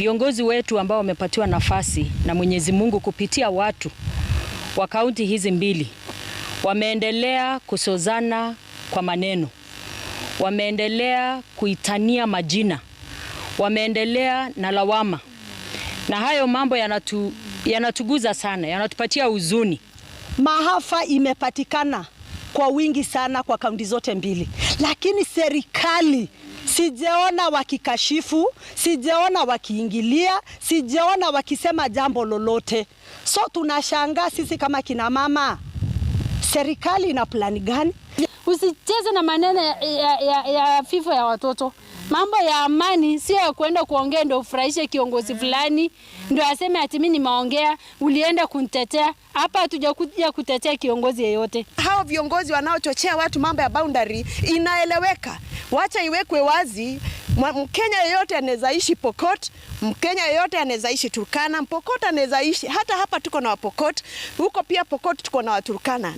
Viongozi wetu ambao wamepatiwa nafasi na Mwenyezi Mungu kupitia watu wa kaunti hizi mbili wameendelea kusozana kwa maneno, wameendelea kuitania majina, wameendelea na lawama, na hayo mambo yanatu, yanatuguza sana, yanatupatia huzuni. Maafa imepatikana kwa wingi sana kwa kaunti zote mbili, lakini serikali Sijaona wakikashifu, sijaona wakiingilia, sijaona wakisema jambo lolote. So tunashangaa sisi kama kina mama, serikali ina plani gani? Usicheze na maneno ya, ya, ya, ya FIFA ya watoto. Mambo ya amani sio ya kuenda kuongea ndio ufurahishe kiongozi fulani, ndio aseme ati mimi nimeongea, ulienda kunitetea. Hapa hatujakuja kutetea kiongozi yeyote. Hao viongozi wanaochochea watu mambo ya boundary inaeleweka, wacha iwekwe wazi. Mkenya yeyote anaweza ishi Pokot, Mkenya yeyote anaweza ishi Turkana, Pokot anaweza ishi hata hapa. Tuko na Wapokot huko, pia Pokot tuko na Waturkana.